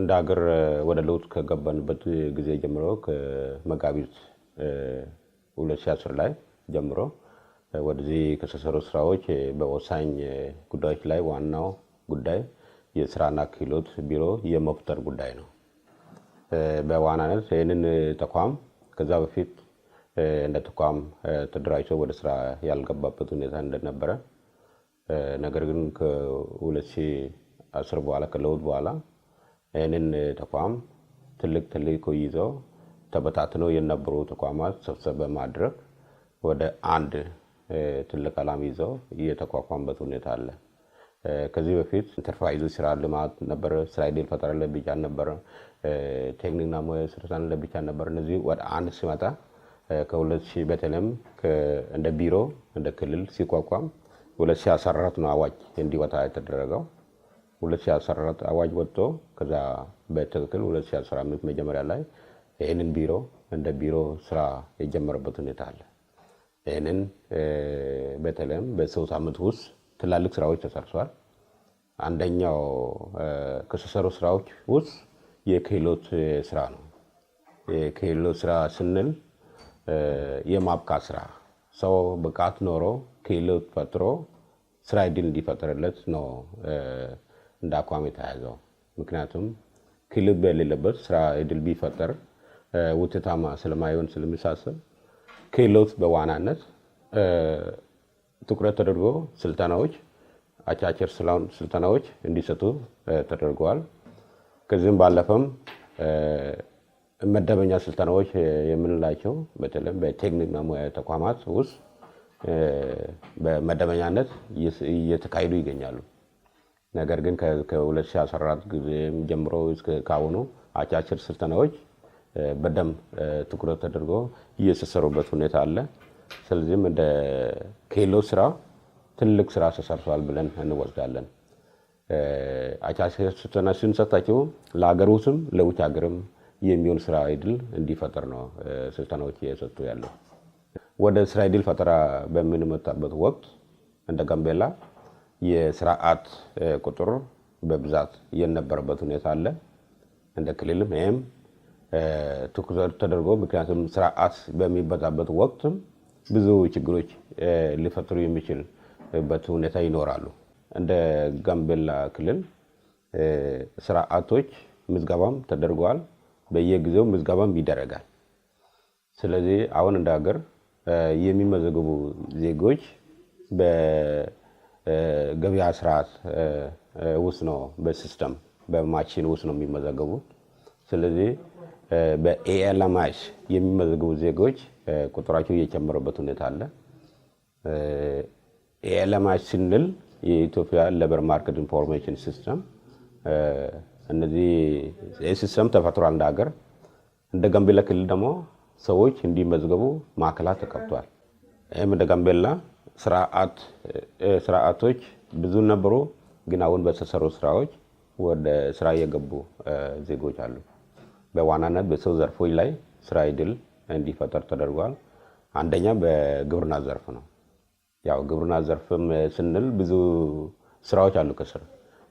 እንደ ሀገር ወደ ለውጥ ከገባንበት ጊዜ ጀምሮ ከመጋቢት 2010 ላይ ጀምሮ ወደዚህ ከተሰሩ ስራዎች በወሳኝ ጉዳዮች ላይ ዋናው ጉዳይ የስራና ክህሎት ቢሮ የመፍጠር ጉዳይ ነው። በዋናነት ይህንን ተቋም ከዛ በፊት እንደ ተቋም ተደራጅቶ ወደ ስራ ያልገባበት ሁኔታ እንደነበረ ነገር ግን ከ2010 በኋላ ከለውጥ በኋላ ይህንን ተቋም ትልቅ ትልቁ ይዘው ተበታትነው የነበሩ ተቋማት ሰብሰብ በማድረግ ወደ አንድ ትልቅ ዓላማ ይዘው እየተቋቋመበት ሁኔታ አለ። ከዚህ በፊት ኢንተርፕራይዙ ስራ ልማት ነበረ፣ ስራ ዕድል ፈጠራ ለብቻ ነበረ፣ ቴክኒክና ሙያ ስልጠና ለብቻ ብቻ ነበረ። እነዚህ ወደ አንድ ሲመጣ ከ ሺህ በተለይም እንደ ቢሮ እንደ ክልል ሲቋቋም 2014 ነው አዋጅ እንዲወጣ የተደረገው። 2014 አዋጅ ወጥቶ ከዛ በትክክል 2015 መጀመሪያ ላይ ይህንን ቢሮ እንደ ቢሮ ስራ የጀመረበት ሁኔታ አለ። ይህንን በተለይም በሰው ዓመት ውስጥ ትላልቅ ስራዎች ተሰርተዋል። አንደኛው ከተሰሩ ስራዎች ውስጥ የክህሎት ስራ ነው። የክህሎት ስራ ስንል የማብቃት ስራ ሰው ብቃት ኖሮ ክህሎት ፈጥሮ ስራ እድል እንዲፈጥርለት ነው። እንደ አቋም የተያዘው። ምክንያቱም ክልብ የሌለበት ስራ እድል ቢፈጠር ውጤታማ ስለማይሆን ስለሚሳሰብ ክህሎት በዋናነት ትኩረት ተደርጎ ስልጠናዎች አጫጭር ስልጠናዎች እንዲሰጡ ተደርገዋል። ከዚህም ባለፈም መደበኛ ስልጠናዎች የምንላቸው በተለይም በቴክኒክና ሙያ ተቋማት ውስጥ በመደበኛነት እየተካሄዱ ይገኛሉ። ነገር ግን ከ2014 ጊዜም ጀምሮ ከአሁኑ አጫጭር ስልጠናዎች በደንብ ትኩረት ተደርጎ እየተሰሩበት ሁኔታ አለ። ስለዚህም እንደ ኬሎ ስራ ትልቅ ስራ ተሰርቷል ብለን እንወስዳለን። አጫጭር ስልጠና ስንሰጣቸው ለሀገር ውስጥም ለውጭ ሀገርም የሚሆን ስራ እድል እንዲፈጠር ነው ስልጠናዎች እየሰጡ ያለው። ወደ ስራ እድል ፈጠራ በምንመጣበት ወቅት እንደ ጋምቤላ የስርዓት ቁጥር በብዛት የነበረበት ሁኔታ አለ። እንደ ክልልም ይህም ትኩረት ተደርጎ ምክንያቱም ስርዓት በሚበዛበት ወቅት ብዙ ችግሮች ሊፈጥሩ የሚችልበት ሁኔታ ይኖራሉ። እንደ ጋምቤላ ክልል ስርዓቶች ምዝገባም ተደርገዋል። በየጊዜው ምዝገባም ይደረጋል። ስለዚህ አሁን እንደ ሀገር የሚመዘገቡ ዜጎች ገበያ ስርዓት ውስጥ ነው፣ በሲስተም በማሽን ውስጥ ነው የሚመዘገቡት። ስለዚህ በኤኤልኤምኤስ የሚመዘገቡ ዜጎች ቁጥራቸው እየጨመረበት ሁኔታ አለ። ኤኤልኤምኤስ ስንል የኢትዮጵያ ለበር ማርኬት ኢንፎርሜሽን ሲስተም። እነዚህ ሲስተም ተፈጥሮ አንድ ሀገር እንደ ጋምቤላ ክልል ደግሞ ሰዎች እንዲመዝገቡ ማዕከላት ተቀብቷል ይህም እንደ ጋምቤላ ስርዓቶች ብዙ ነበሩ፣ ግን አሁን በተሰሩ ስራዎች ወደ ስራ የገቡ ዜጎች አሉ። በዋናነት በሰው ዘርፎች ላይ ስራ እድል እንዲፈጠር ተደርጓል። አንደኛ በግብርና ዘርፍ ነው። ያው ግብርና ዘርፍም ስንል ብዙ ስራዎች አሉ ከስር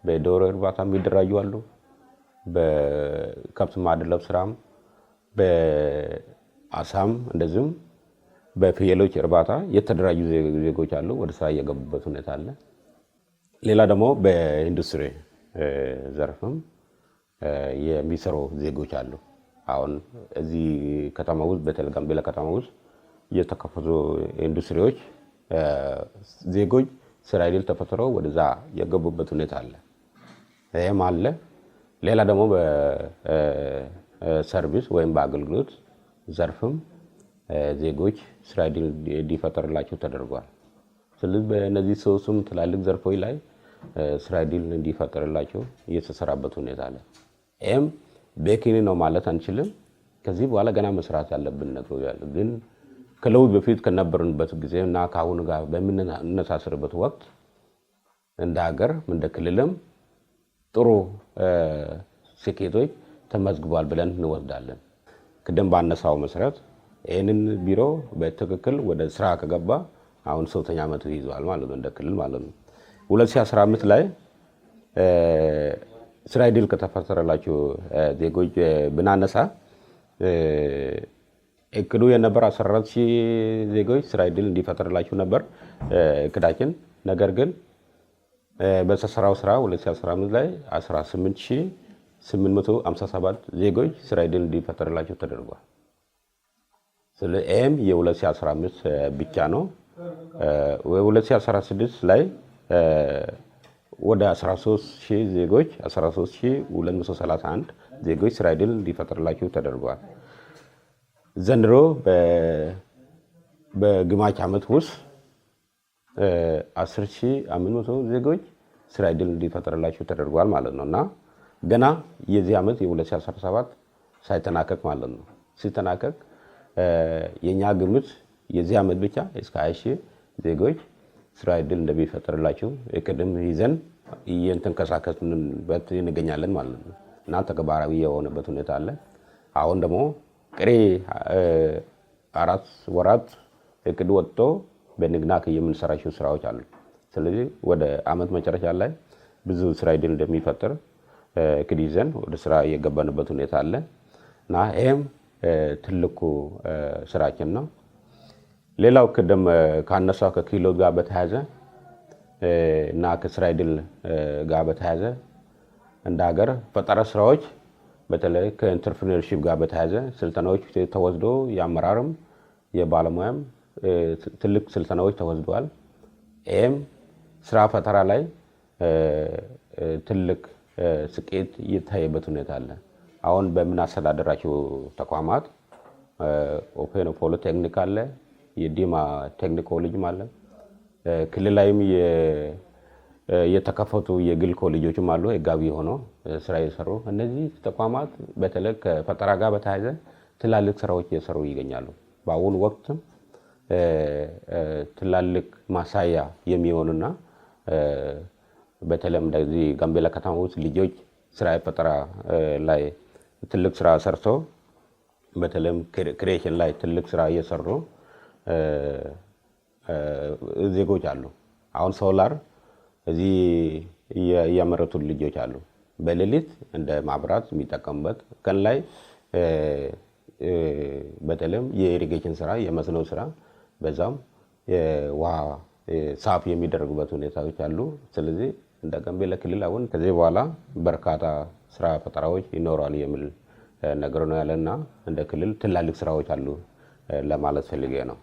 በዶሮ እርባታ የሚደራጁ አሉ። በከብት ማድለብ ስራም በአሳም እንደዚሁም በፍየሎች እርባታ የተደራጁ ዜጎች አሉ፣ ወደ ስራ እየገቡበት ሁኔታ አለ። ሌላ ደግሞ በኢንዱስትሪ ዘርፍም የሚሰሩ ዜጎች አሉ። አሁን እዚህ ከተማ ውስጥ በተለይ ጋምቤላ ከተማ ውስጥ የተከፈቱ ኢንዱስትሪዎች ዜጎች ስራ ዕድል ተፈጥሮ ወደዛ የገቡበት ሁኔታ አለ። ይህም አለ። ሌላ ደግሞ በሰርቪስ ወይም በአገልግሎት ዘርፍም ዜጎች ስራ እድል እንዲፈጠርላቸው ተደርጓል። ስለዚህ በእነዚህ ሶስቱም ትላልቅ ዘርፎች ላይ ስራ እድል እንዲፈጠርላቸው እየተሰራበት ሁኔታ አለ። ይህም በኪኒ ነው ማለት አንችልም። ከዚህ በኋላ ገና መስራት ያለብን ነገሮች አሉ። ግን ከለውጥ በፊት ከነበርንበት ጊዜ እና ከአሁኑ ጋር በምንነሳስርበት ወቅት እንደ ሀገር እንደ ክልልም ጥሩ ስኬቶች ተመዝግቧል ብለን እንወስዳለን። ቅድም ባነሳው መሰረት ይህንን ቢሮ በትክክል ወደ ስራ ከገባ አሁን ሶስተኛ ዓመቱ ይዘዋል ማለት ነው፣ እንደ ክልል ማለት ነው። 2015 ላይ ስራ ዕድል ከተፈጠረላቸው ዜጎች ብናነሳ እቅዱ የነበረ 14 ሺህ ዜጎች ስራ ዕድል እንዲፈጠርላቸው ነበር እቅዳችን። ነገር ግን በተሰራው ስራ 2015 ላይ 18857 ዜጎች ስራ ዕድል እንዲፈጠርላቸው ተደርጓል። ኤም የ2015 ብቻ ነው። 2016 ላይ ወደ 13 ዜጎች 13231 ዜጎች ስራ ድል እንዲፈጠርላቸው ተደርጓል። ዘንድሮ በግማች ዓመት ውስጥ 10500 ዜጎች ስራ ድል እንዲፈጠርላቸው ተደርጓል ማለት ነው እና ገና የዚህ ዓመት የ2017 ሳይተናከክ ማለት ነው ሲተናከክ የእኛ ግምት የዚህ ዓመት ብቻ እስከ ሀያ ሺህ ዜጎች ስራ እድል እንደሚፈጠርላቸው እቅድም ይዘን እየተንቀሳቀስንበት እንገኛለን ማለት ነው እና ተግባራዊ የሆነበት ሁኔታ አለ። አሁን ደግሞ ቅሬ አራት ወራት እቅድ ወጥቶ በንግናክ የምንሰራቸው ስራዎች አሉ። ስለዚህ ወደ አመት መጨረሻ ላይ ብዙ ስራ እድል እንደሚፈጥር እቅድ ይዘን ወደ ስራ እየገባንበት ሁኔታ አለ እና ይህም ትልቁ ስራችን ነው። ሌላው ቅድም ካነሳው ከኪሎ ጋር በተያዘ እና ከስራ ዕድል ጋር በተያዘ እንደ ሀገር ፈጠራ ስራዎች በተለይ ከኢንተርፕሪነርሺፕ ጋር በተያዘ ስልጠናዎች ተወስዶ የአመራርም የባለሙያም ትልቅ ስልጠናዎች ተወስደዋል። ይህም ስራ ፈጠራ ላይ ትልቅ ስኬት እየታየበት ሁኔታ አለ። አሁን በምናስተዳደራቸው ተቋማት ኦፔን ፖሎ ቴክኒክ አለ፣ የዲማ ቴክኒክ ኮሌጅም አለ። ክልላዊም የተከፈቱ የግል ኮሌጆችም አሉ፣ ህጋዊ ሆኖ ስራ እየሰሩ እነዚህ ተቋማት በተለይ ከፈጠራ ጋር በተያያዘ ትላልቅ ስራዎች እየሰሩ ይገኛሉ። በአሁኑ ወቅትም ትላልቅ ማሳያ የሚሆኑና በተለይም እንደዚህ ጋምቤላ ከተማ ውስጥ ልጆች ስራ የፈጠራ ላይ ትልቅ ስራ ሰርቶ በተለይም ክሬሽን ላይ ትልቅ ስራ እየሰሩ ዜጎች አሉ። አሁን ሶላር እዚህ እያመረቱ ልጆች አሉ። በሌሊት እንደ ማብራት የሚጠቀሙበት ቀን ላይ በተለይም የኢሪጌሽን ስራ የመስኖ ስራ በዛም ውሃ ሳፍ የሚደረጉበት ሁኔታዎች አሉ። ስለዚህ እንደ ጋምቤላ ክልል አሁን ከዚህ በኋላ በርካታ ስራ ፈጠራዎች ይኖረዋል የሚል ነገር ነው ያለና እንደ ክልል ትላልቅ ስራዎች አሉ ለማለት ፈልጌ ነው።